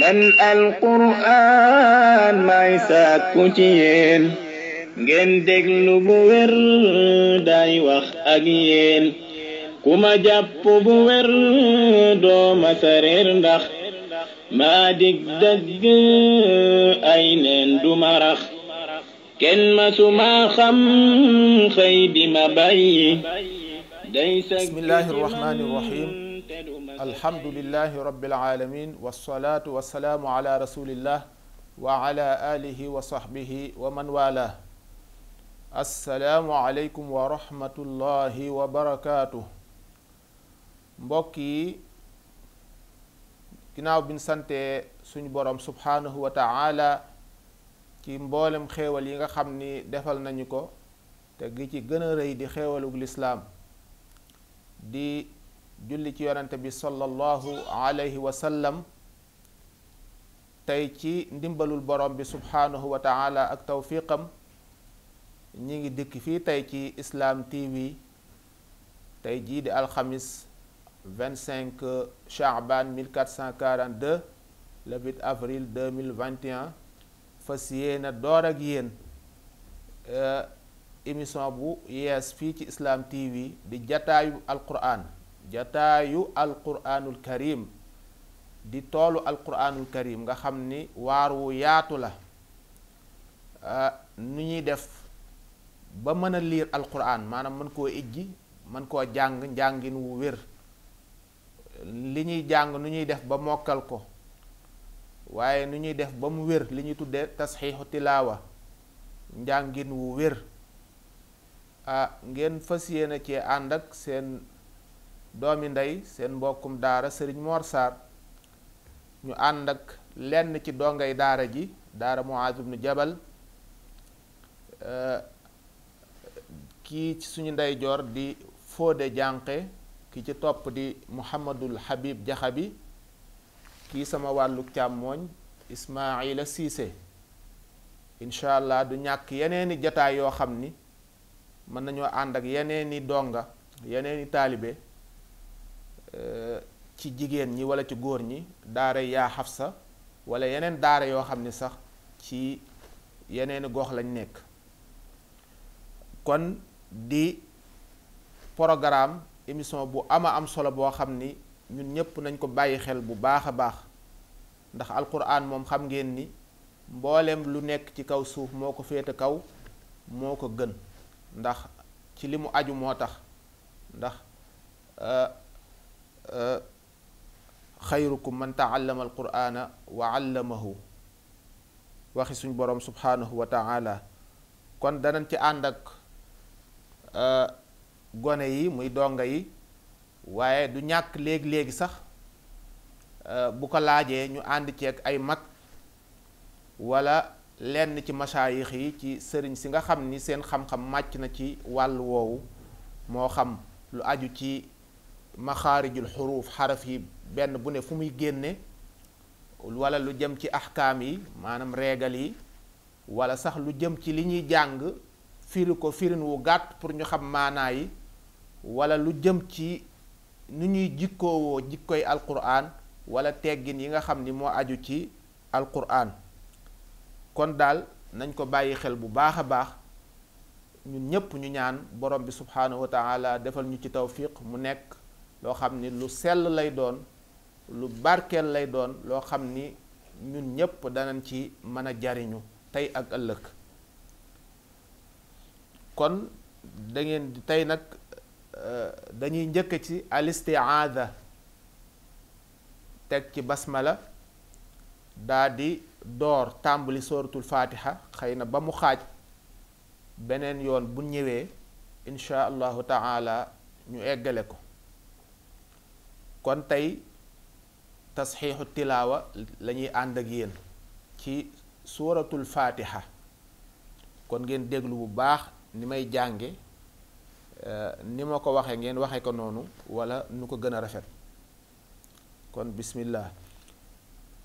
man alquraan may sàkku ci yéen ngeen déglu bu wér wax ak yéen ku ma jàpp bu wér doo ma sareer ndax maa dig dëgg ay neen du ma rax ma su ma ma bàyyi بسم الله الرحمن الرحيم الحمد لله رب العالمين والصلاة والسلام على رسول الله وعلى آله وصحبه ومن والاه السلام عليكم ورحمة الله وبركاته مبكي كناو بن sante suñu سبحانه وتعالى wa taala ci mboolem xéewal yi nga xam ni defal nañu ko te gi ci di di julli ci yonante bi sallallahu alayhi wa sallam tey ci ndimbalul borom bi subhaanahu wa taala ak tawfiqam ñi ngi dikk fii tey ci Islam TV tey jii di alxamis 25 Chaaban 1442 le 8 avril 2021 fas yéena door ak yéen émission bu yes fi ci Islam TV di jataayu Alqur'an jataayu Alqur'anul Karim di tolu Alqur'anul Karim nga xamni ni wu yaatu la nu ñuy def ba mën lire Alqur'an manam man ko ijji man ko jang jangin wu wér li ñuy jang nu ñuy def ba mokal ko waye nu ñuy def ba mu wér li ñuy tuddé tasxiixu tilawa njàngin wu ah ngeen fas yéene cee ànd ak seen doomi ndey seen mbokkum daara sëriñ Mor ñu ànd ak lenn ci dongay daara ji daara Muaaz ibnu Jabal euh, kii ci suñu ndeyjoor di Fodé Jànqe ki ci topp di Mouhamadul Habib Jaxabi kii sama wàllu càmmooñ Ismaila Siise incha allah du ñàkk yeneeni jataay yoo xam ni mën nañoo ànd ak yeneen i donga yeneen i taalibe euh, ci jigéen ñi wala ci góor ñi daara yaa Hafsa wala yeneen daara yoo xam ni sax ci yeneeni gox lañ nekk kon di programme émission bu ama am solo boo xam ni ñun ñépp nañ ko bàyyi xel bu baax a baax ndax alquran moom xam ngeen ni mbooleem lu nekk ci kaw suuf moo ko féete kaw moo ko gën ndax ci li mu aju moo tax ndax xayrukum man taallama alqur'ana wa allamahu waxi suñ borom subhanahu wa taala kon danañ ci ànd ak gone yi muy donga yi waaye du ñàkk léegi-léegi sax bu ko laajee ñu ànd ceeg ay mag wala lenn ci masaayix yi ci sëriñ si nga xam ni seen xam-xam màcc na ci wàll woowu moo xam lu aju ci maxaarijul xuruuf xaraf yi benn bu ne fu muy génne walla lu jëm ci axkaam yi maanaam reegal yi wala sax lu jëm ci li ñuy jàng firi ko firin wu gàtt pour ñu xam maanaa yi wala lu jëm ci nu ñuy jikkoowoo jikkoy alquran wala teggin yi nga xam ni moo aju ci alquran kon daal nañ ko bàyyi xel bu baax a baax ñun ñépp ñu ñaan borom bi subhaanahu wa taala defal ñu ci tawfiq mu nekk loo xam ni lu sell lay doon lu barkeel lay doon loo xam ni ñun ñépp danañ ci mën a jariñu tey ak ëllëg kon dangeen tey nag euh, dañuy njëkk ci alistiaada teg ci basmala daa di door tàmbali sooratul faatiha xëy na ba mu xaaj beneen yoon bu ñëwee insha allahu taala ñu eggale ko kon tey tasxiixu tilaawa la ànd ak yéen ci sooratul faatiha kon ngeen déglu bu baax ni may jànge eh, ni ma ko waxe ngeen waxe ko noonu wala nu ko gën a rafet kon bismillah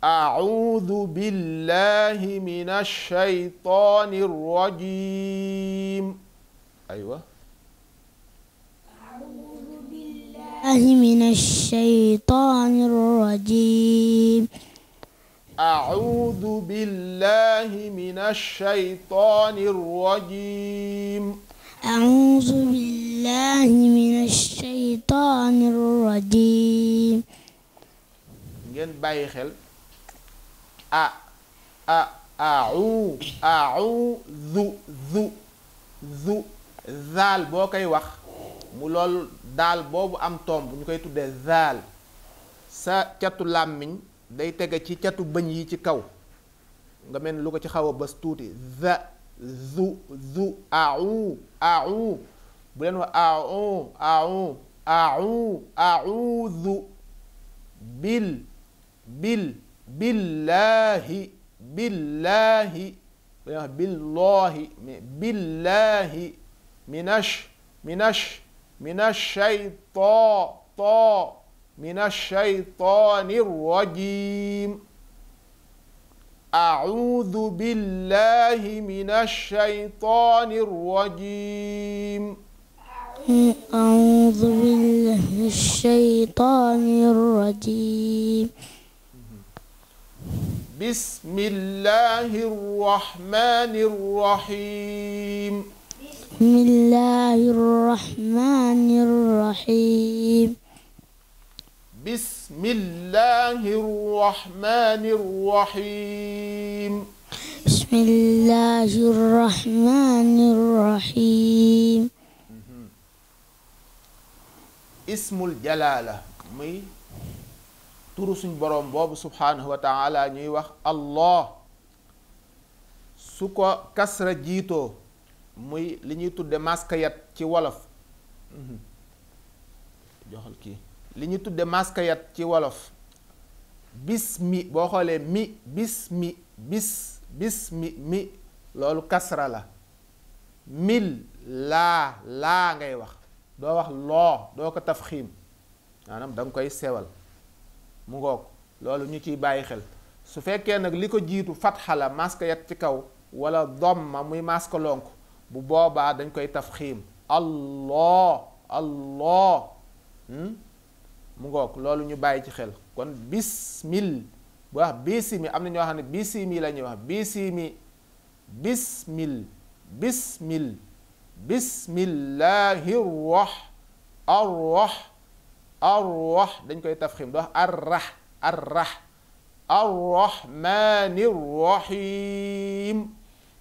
أعوذ بالله من الشيطان الرجيم أيوة أعوذ بالله من الشيطان الرجيم أعوذ بالله من الشيطان الرجيم أعوذ بالله من الشيطان الرجيم ngeen باي xel a a au au zu zu zu zaal boo koy wax mu loolu daal boobu am tomb ñu koy tuddee zaal sa catu làmmiñ day tege ci catu bëñ yi ci kaw nga mel ni lu ko ci xaw a bës tuuti za zu zu au au bu wax au au au auzu bil bil بالله بالله بالله بالله منش منش من الشيطان من الشيطان الرجيم أعوذ بالله من الشيطان الرجيم أعوذ بالله الشيطان الرجيم بسم الله الرحمن الرحيم بسم الله الرحمن الرحيم بسم الله الرحمن الرحيم بسم الله الرحمن الرحيم اسم الجلالة مي turu suñ boroom boobu subhaanahu wa taala ñuy wax allah su ko kasra jiitoo muy li ñuy tudde maskayat ci wolof mhm. joxal kii li ñuy tudde ci wolof bis mi boo xoolee mi bis mi bis bis mi mi loolu kasra la mil laa laa ngay wax doo wax loo doo ko tafxiim maanaam da nga koy sewal mu ngoog loolu ñu ciy bàyyi xel su fekkee nag li ko jiitu fatxa la maska yat ci kaw wala domma muy maska lonk bu boobaa dañ koy taf xiim allah allah hmm? mu ngoog loolu ñu bàyyi ci xel kon bismil bu wax bisimi am na ñoo xam ne bisimi la ñuy wax bisimi bismil bismil bismillahi rox arrox arwah dañ koy tafxim do rah arrah arrah arrahmanir rahim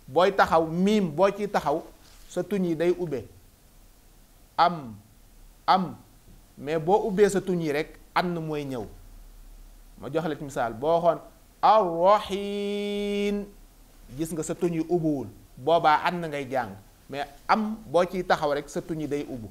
boy taxaw mim bo ci taxaw sa day ubbe am am me bo ubbe sa rek an moy ñew ma jox la misal bo xon arrahin gis nga sa tuñ yi boba an ngay jang me am bo ci taxaw rek sa tuñ day ubu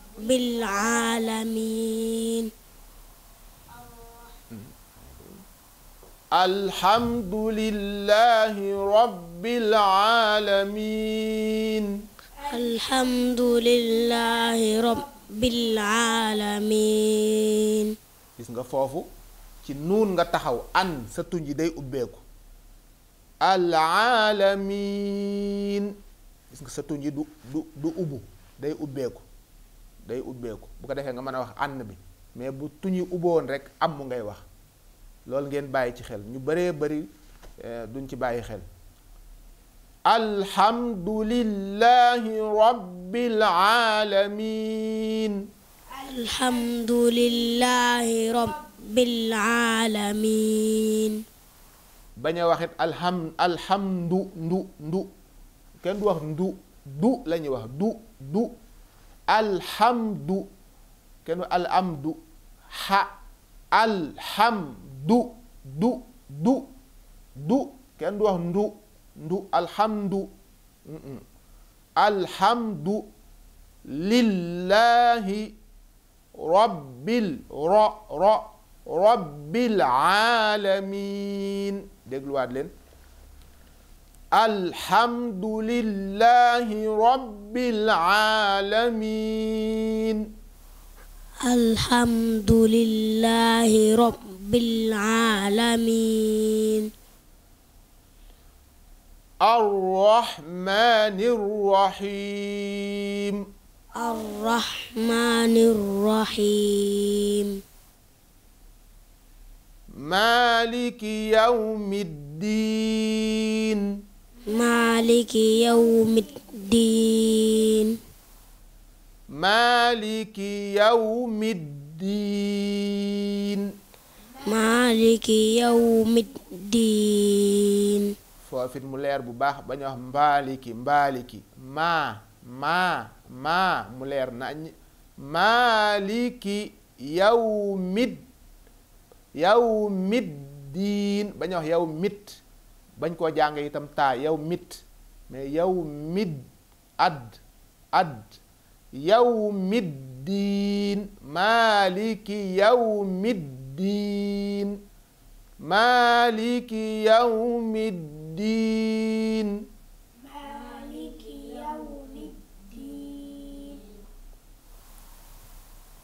رب العالمين الحمد لله رب العالمين nga foofu ci nuun nga taxaw an sa tuñ ji day ubbeeku alaalamiin gis nga sa tuñ ji du ubbu day ubbeeku day ubbeeku bu ko defee nga mën a wax ànn bi mais bu tuñi ubboon rek am mu ngay wax loolu ngeen bàyyi ci xel ñu bëree bëri eh, duñ ci bàyyi xel alhamdulillahi rabbil alamin alhamdulillahi rabbil alamin bañ a waxit alham alhamdu ndu ndu kenn du wax ndu du la ñuy wax du du الحمد كانوا الأمد ح الحمد دو دو دو كان دو دو دو الحمد الحمد لله رب ال ر ر رب العالمين دقلوا عدلين الحمد لله رب العالمين الحمد لله رب العالمين الرحمن الرحيم الرحمن الرحيم مالك يوم الدين maaliki yawmi ddiin. maaliki yawmi ddiin. maaliki yawmi ddiin. foofit mu leer bu baax ba ñu wax mbaaliki mbaaliki maa maa maa mu leer nañ maaliki yawmi yawmi ddiin ba ñu wax yow mit bañ ko jànge itam taa yow mit mais yow mid ad ad yow middiin maliki yow middiin maliki yow middiin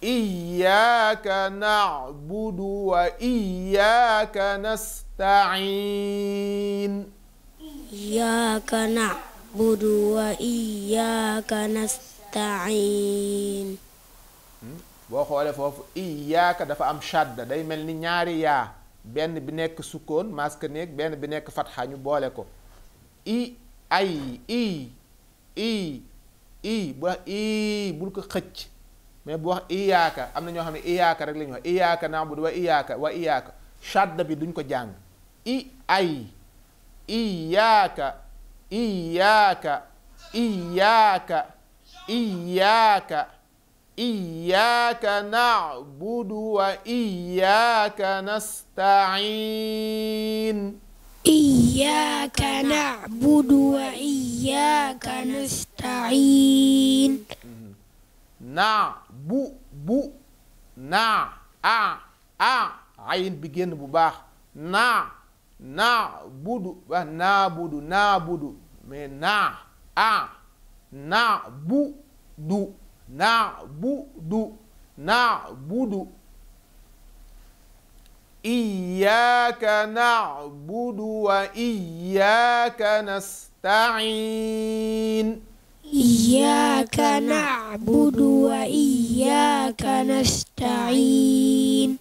إياك نعبد وإياك نستعين نستعين إياك نعبد وإياك نستعين boo xoolee foofu iyaaka dafa am shadda day mel ni ñaari yaa benn bi nekk sukkoon maska néeg benn bi nekk fatxa ñu boole ko i ay i i i bu wax i bul ko xëcc mais bu wax iyaaka am na ñoo xam ne iyaaka rek la ñuy wax iyaaka naabudu wa iyaaka wa bi duñ ko jàng i ay iyaaka iyaaka iyaaka iyaaka iyaaka na'budu wa iyaaka nasta'iin iyaaka na'budu wa iyaaka nasta'iin na bu bu na a a ayin bi génn bu baax na naa budu ba naa budu naa budu mais naa a naa bu du naa bu du naa budu iyyaka na'budu wa iyyaka nasta'in iyyaka na'budu wa iyyaka nasta'in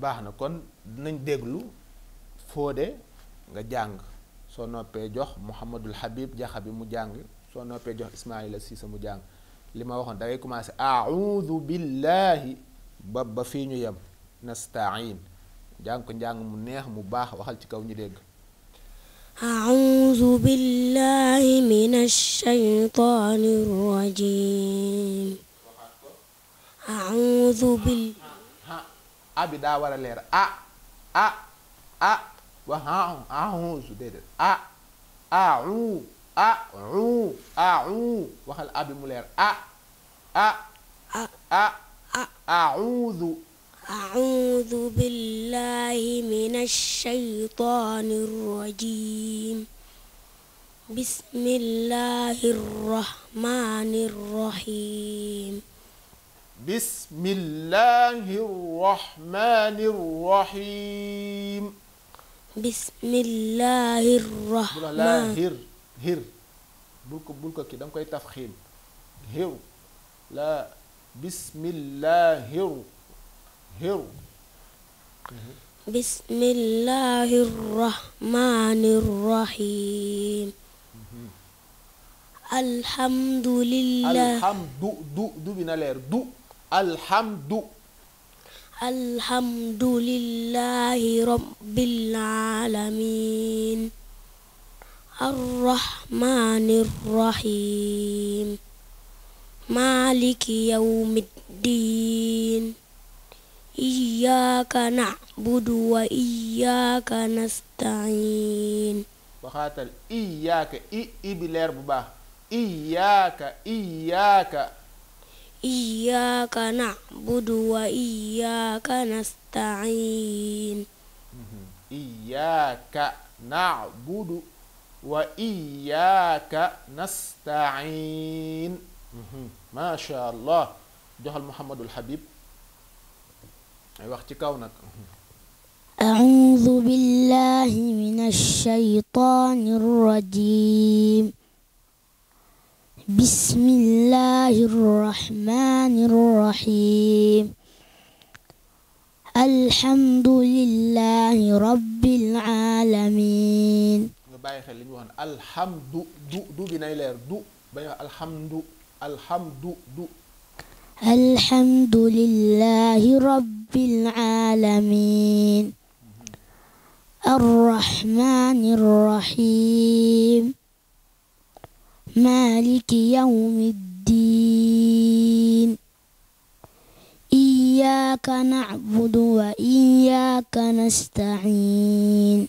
baax na kon dinañ déglu Fodé nga jàng soo noppee jox Mouhamadul Habib jaxa bi mu jàng soo noppee jox Ismaila Siisa mu jàng li ma waxoon da ngay commencé audu billahi ba ba fii ñu yem nastain njàng mu neex mu baax waxal ci kaw ñu dégg audu billahi min leer a a a وهعوز déedéet a au أعو u au waxal a bi mu leer أعوذ أعوذ بالله من الشيطان الرجيم بسم الله الرحمن الرحيم بسم الله الرحمن الرحيم bismillaahi rahmaan bu la koy taf xiim hir laa bismillaahi hir الحمد لله رب العالمين الرحمن الرحيم مالك يوم الدين إياك نعبد وإياك نستعين بخاطر إياك إي إبلير ببا إياك إياك iyyaka na'budu wa iyyaka nasta'in iyyaka na'budu wa iyyaka nasta'in maasha allah joxal muhammadul habib ay wax ci kaw nag a'udhu billahi minash shaytanir rajim بسم الله الرحمن الرحيم الحمد لله رب العالمين nga bàyyi xel li دو waxoon alhamdu du دو bi nay leer du الحمد لله رب العالمين الرحمن الرحيم مالك يوم الدين إياك نعبد وإياك نستعين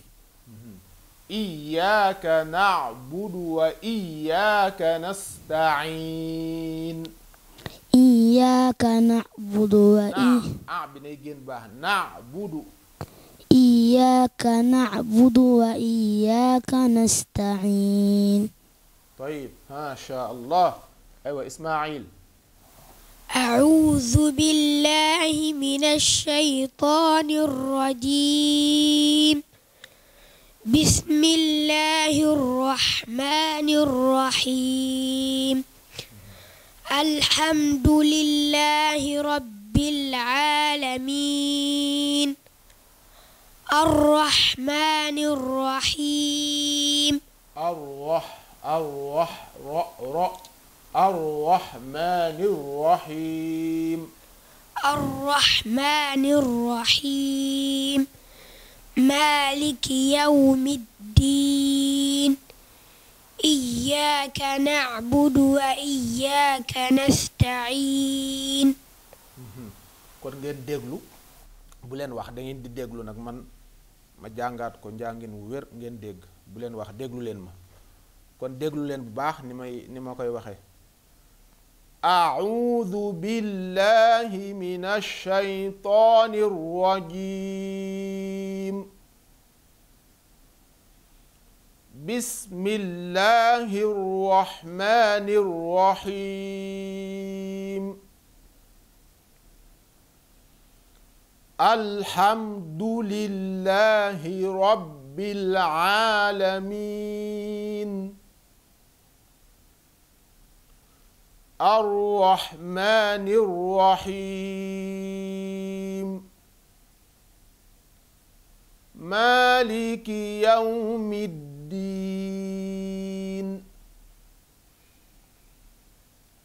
إياك نعبد وإياك نستعين إياك نعبد وإياك نعم. نعم، نعبد إياك نعبد وإياك نستعين طيب ما شاء الله أيوة إسماعيل أعوذ بالله من الشيطان الرجيم بسم الله الرحمن الرحيم الحمد لله رب العالمين الرحمن الرحيم الرحمن Ar-Rah Ra Ra Ar-Rahmanir Rahim Ar-Rahmanir Rahim مالك يوم الدين إياك نعبد وإياك نستعين mhm. kon ngeen déglu bu leen wax da ngeen di déglu nag man ma jàngaat ko njàngin wu wér ngeen dégg kon déglu leen bu baax ni may ni ma koy waxee audu billahi min alshaytani rrajim bismillahi rrahmani rrahim alhamdulillahi rabbil alamin الرحمن الرحيم مالك يوم الدين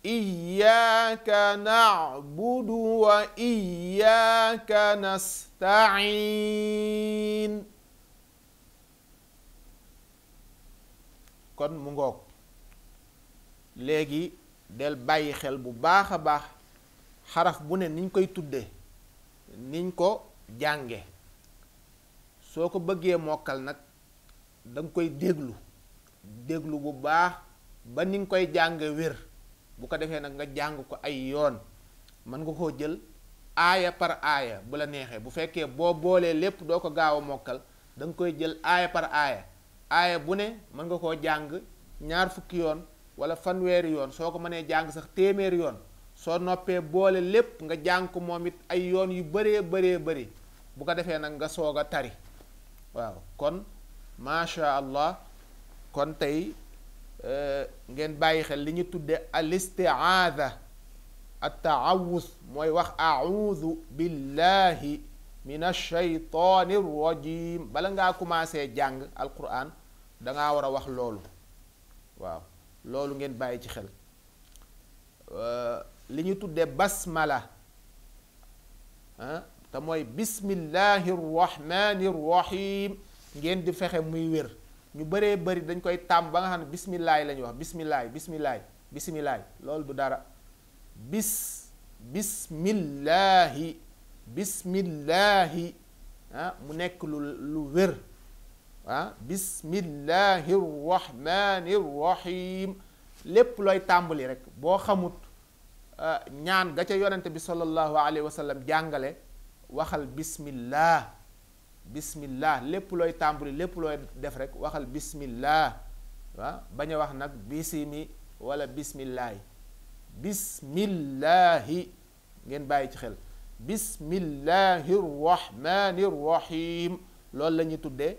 إياك نعبد وإياك نستعين kon mu ngoog léegi del bàyyi xel bu baax a baax xaraf bu ne niñ koy tudde niñ ko jànge soo ko bëggee mokkal nag danga koy déglu déglu bu baax ba ni nga koy jànge wér bu ko defee nag nga jàng ko ay yoon mën nga koo jël aaya par aaya bu la neexee bu fekkee boo boolee lépp doo ko gaaw a mokkal danga koy jël aaya par aaya aaya bu ne mën nga koo jàng ñaar fukki yoon wala fanweeri yon, soo ko mënee jàng sax téeméeri yon, so noppee boole lépp nga jang ko moom it ay yoon yu bëree bëree bëri bu ko defee nag nga soog tari waaw kon macha allah kon tey eh, ngeen bayi xel li ñu tudde al istiaada at taawus mooy wax audu billahi min ashaytaani rajim bala ngaa commencé jàng alquran dangaa war a wax loolu waaw loolu ngeen bàyyi ci xel euh, li ñu tuddee basmala ah te mooy bismillahi rahmani rahim ngeen di fexe muy wér ñu bëree bëri dañ koy tàmm ba nga xam ne bismillahi la wax bismillahi bismillahi bismillahi loolu du dara bis bismillahi bismillahi mu nekk lu lu wér bismillahi rahmani rahim lépp looy tàmbali rek boo xamut ñaan ga ca yonente bi sallallahu alayhi wa sallam jàngale waxal bismillah bismillah lépp looy tàmbali lépp looy def rek waxal bismillah waaw bañ a wax nag bisimi wala bismillahi bismillahi ngeen bàyyi ci xel bismillahi rahmani rahim loolu la ñuy tuddee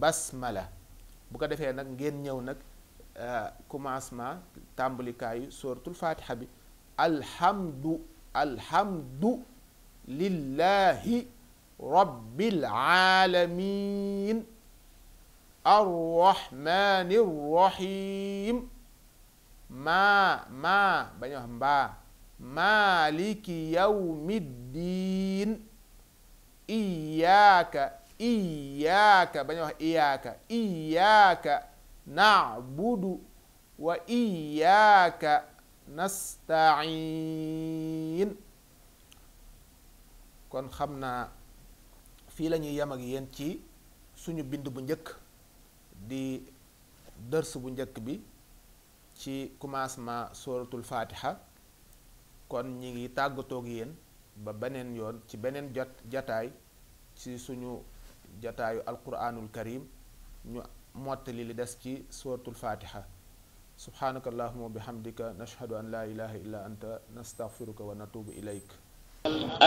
basmala bu ko defee nag ngeen ñëw nag euh, commencement tàmbalikaayu suratul fatiha bi alhamdu alhamdu lillahi rabbil alamin arrahmani rrahim maa maa bañu wax mbaa iyyaka banyak iyyaka iyyaka na'budu wa iyyaka nasta'in kon xam naa fii la ñuy ak yéen ci suñu bindu bu di dërs bu njëkk bi ci commencement suratul fatiha kon ñi ngi tàggatoog yéen ba beneen yoon ci beneen jot jataay ci suñu jataayu alquranul karim ñu mottali li des ci suratul fatiha subhanaka allahuma wa bihamdika nashhadu an laa ilaha illa anta nastaghfiruka wa natubu ilayk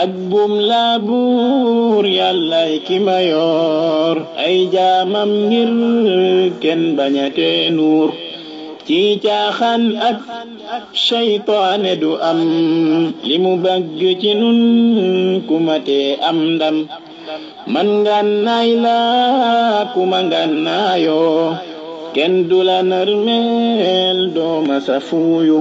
ak bum laa buur yàllay ki ma yoor ay jaamam ngir kenn bañatee nuur ci caaxaan ak seytaane du am li mu bëgg ci nun ku matee am ndam man nga ngannaay laa kuma ngannaayo kenn du la narmeel dooma sa fuuyu